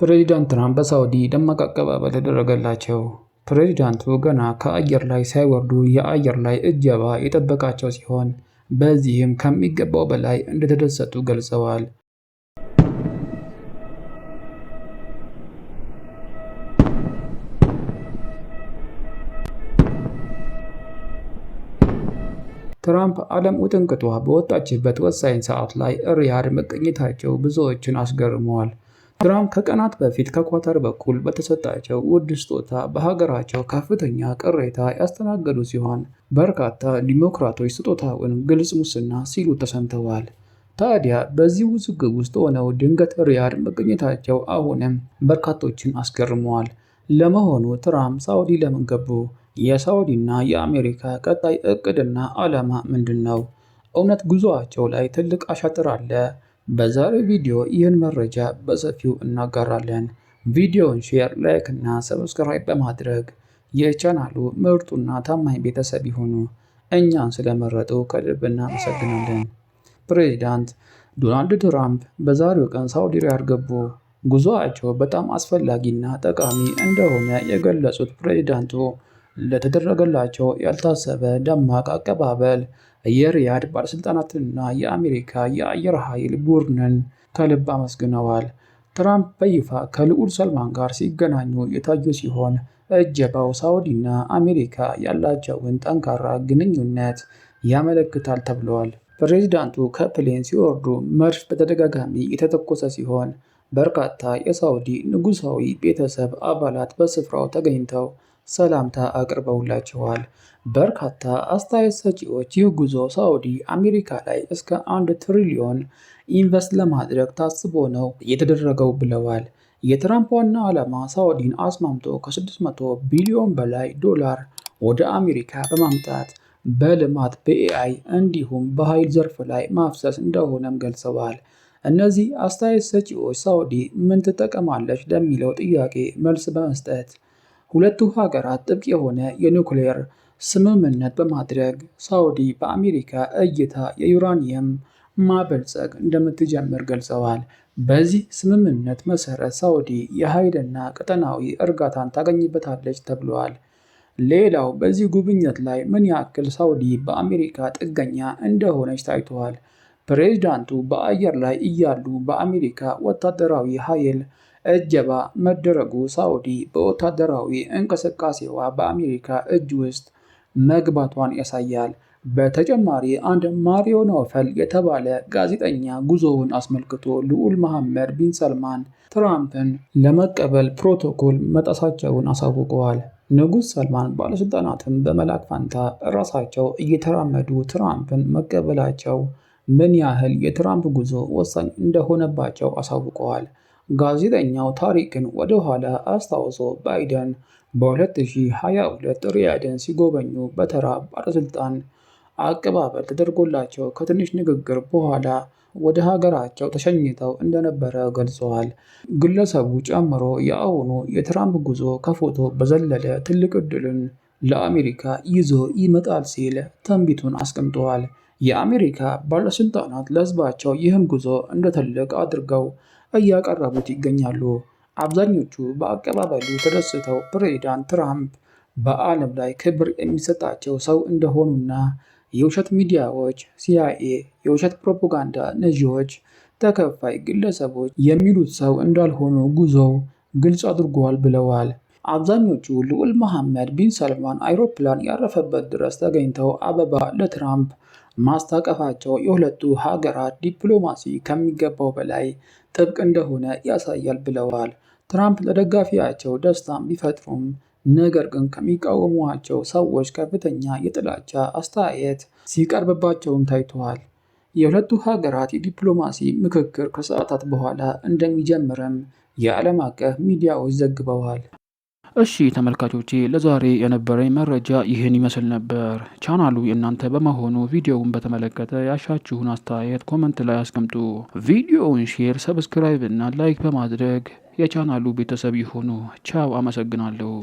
ፕሬዚዳንት ትራምፕ በሳውዲ ደማቅ አቀባበል ተደረገላቸው። ፕሬዚዳንቱ ገና ከአየር ላይ ሳይወርዱ የአየር ላይ እጀባ የጠበቃቸው ሲሆን በዚህም ከሚገባው በላይ እንደተደሰቱ ገልጸዋል። ትራምፕ ዓለም ውጥንቅጧ በወጣችበት ወሳኝ ሰዓት ላይ ሪያድ መገኘታቸው ብዙዎችን አስገርመዋል። ግራም ከቀናት በፊት ከኳታር በኩል በተሰጣቸው ውድ ስጦታ በሀገራቸው ከፍተኛ ቅሬታ ያስተናገዱ ሲሆን በርካታ ዲሞክራቶች ስጦታውን ግልጽ ሙስና ሲሉ ተሰምተዋል። ታዲያ በዚህ ውዝግብ ውስጥ ሆነው ድንገት ሪያድ መገኘታቸው አሁንም በርካቶችን አስገርመዋል። ለመሆኑ ትራምፕ ሳውዲ ለምን ገቡ? የሳውዲና የአሜሪካ ቀጣይ እቅድና ዓላማ ምንድን ነው? እውነት ጉዞአቸው ላይ ትልቅ አሻጥር አለ? በዛሬው ቪዲዮ ይህን መረጃ በሰፊው እናጋራለን። ቪዲዮውን ሼር፣ ላይክ እና ሰብስክራይብ በማድረግ የቻናሉ ምርጡና ታማኝ ቤተሰብ ይሆኑ እኛን ስለመረጡ ከልብ እናመሰግናለን። ፕሬዚዳንት ዶናልድ ትራምፕ በዛሬው ቀን ሳውዲ ሪያድ ገቡ። ጉዞአቸው በጣም አስፈላጊና ጠቃሚ እንደሆነ የገለጹት ፕሬዚዳንቱ ለተደረገላቸው ያልታሰበ ደማቅ አቀባበል የሪያድ ባለሥልጣናትንና የአሜሪካ የአየር ኃይል ቡድንን ከልብ አመስግነዋል። ትራምፕ በይፋ ከልዑል ሰልማን ጋር ሲገናኙ የታዩ ሲሆን እጀባው ሳውዲና አሜሪካ ያላቸውን ጠንካራ ግንኙነት ያመለክታል ተብለዋል። ፕሬዚዳንቱ ከፕሌን ሲወርዱ መድፍ በተደጋጋሚ የተተኮሰ ሲሆን በርካታ የሳውዲ ንጉሣዊ ቤተሰብ አባላት በስፍራው ተገኝተው ሰላምታ አቅርበውላቸዋል። በርካታ አስተያየት ሰጪዎች ይህ ጉዞ ሳዑዲ አሜሪካ ላይ እስከ አንድ ትሪሊዮን ኢንቨስት ለማድረግ ታስቦ ነው የተደረገው ብለዋል። የትራምፕ ዋና ዓላማ ሳዑዲን አስማምቶ ከ600 ቢሊዮን በላይ ዶላር ወደ አሜሪካ በማምጣት በልማት በኤአይ እንዲሁም በኃይል ዘርፍ ላይ ማፍሰስ እንደሆነም ገልጸዋል። እነዚህ አስተያየት ሰጪዎች ሳዑዲ ምን ትጠቀማለች ለሚለው ጥያቄ መልስ በመስጠት ሁለቱ ሀገራት ጥብቅ የሆነ የኒውክሌር ስምምነት በማድረግ ሳዑዲ በአሜሪካ እይታ የዩራኒየም ማበልጸግ እንደምትጀምር ገልጸዋል። በዚህ ስምምነት መሰረት ሳዑዲ የኃይልና ቀጠናዊ እርጋታን ታገኝበታለች ተብሏል። ሌላው በዚህ ጉብኝት ላይ ምን ያክል ሳዑዲ በአሜሪካ ጥገኛ እንደሆነች ታይተዋል። ፕሬዝዳንቱ በአየር ላይ እያሉ በአሜሪካ ወታደራዊ ኃይል እጀባ መደረጉ ሳዑዲ በወታደራዊ እንቅስቃሴዋ በአሜሪካ እጅ ውስጥ መግባቷን ያሳያል። በተጨማሪ አንድ ማሪዮ ነውፈል የተባለ ጋዜጠኛ ጉዞውን አስመልክቶ ልዑል መሐመድ ቢን ሰልማን ትራምፕን ለመቀበል ፕሮቶኮል መጣሳቸውን አሳውቀዋል። ንጉሥ ሰልማን ባለሥልጣናትን በመላክ ፋንታ ራሳቸው እየተራመዱ ትራምፕን መቀበላቸው ምን ያህል የትራምፕ ጉዞ ወሳኝ እንደሆነባቸው አሳውቀዋል። ጋዜጠኛው ታሪክን ወደ ኋላ አስታውሶ ባይደን በ2022 ሪያድን ሲጎበኙ በተራ ባለስልጣን አቀባበል ተደርጎላቸው ከትንሽ ንግግር በኋላ ወደ ሀገራቸው ተሸኝተው እንደነበረ ገልጸዋል። ግለሰቡ ጨምሮ የአሁኑ የትራምፕ ጉዞ ከፎቶ በዘለለ ትልቅ ዕድልን ለአሜሪካ ይዞ ይመጣል ሲል ትንቢቱን አስቀምጠዋል። የአሜሪካ ባለስልጣናት ለህዝባቸው ይህን ጉዞ እንደ ትልቅ አድርገው እያቀረቡት ይገኛሉ። አብዛኞቹ በአቀባበሉ ተደስተው ፕሬዚዳንት ትራምፕ በዓለም ላይ ክብር የሚሰጣቸው ሰው እንደሆኑና የውሸት ሚዲያዎች፣ ሲአይኤ፣ የውሸት ፕሮፓጋንዳ ነዢዎች፣ ተከፋይ ግለሰቦች የሚሉት ሰው እንዳልሆኑ ጉዞው ግልጽ አድርጓል ብለዋል። አብዛኞቹ ልዑል መሐመድ ቢን ሰልማን አይሮፕላን ያረፈበት ድረስ ተገኝተው አበባ ለትራምፕ ማስታቀፋቸው የሁለቱ ሀገራት ዲፕሎማሲ ከሚገባው በላይ ጥብቅ እንደሆነ ያሳያል ብለዋል። ትራምፕ ለደጋፊያቸው ደስታን ቢፈጥሩም ነገር ግን ከሚቃወሟቸው ሰዎች ከፍተኛ የጥላቻ አስተያየት ሲቀርብባቸውም ታይተዋል። የሁለቱ ሀገራት የዲፕሎማሲ ምክክር ከሰዓታት በኋላ እንደሚጀምርም የዓለም አቀፍ ሚዲያዎች ዘግበዋል። እሺ ተመልካቾቼ ለዛሬ የነበረኝ መረጃ ይህን ይመስል ነበር። ቻናሉ የእናንተ በመሆኑ ቪዲዮውን በተመለከተ ያሻችሁን አስተያየት ኮመንት ላይ አስቀምጡ። ቪዲዮውን ሼር፣ ሰብስክራይብ እና ላይክ በማድረግ የቻናሉ ቤተሰብ ይሁኑ። ቻው፣ አመሰግናለሁ።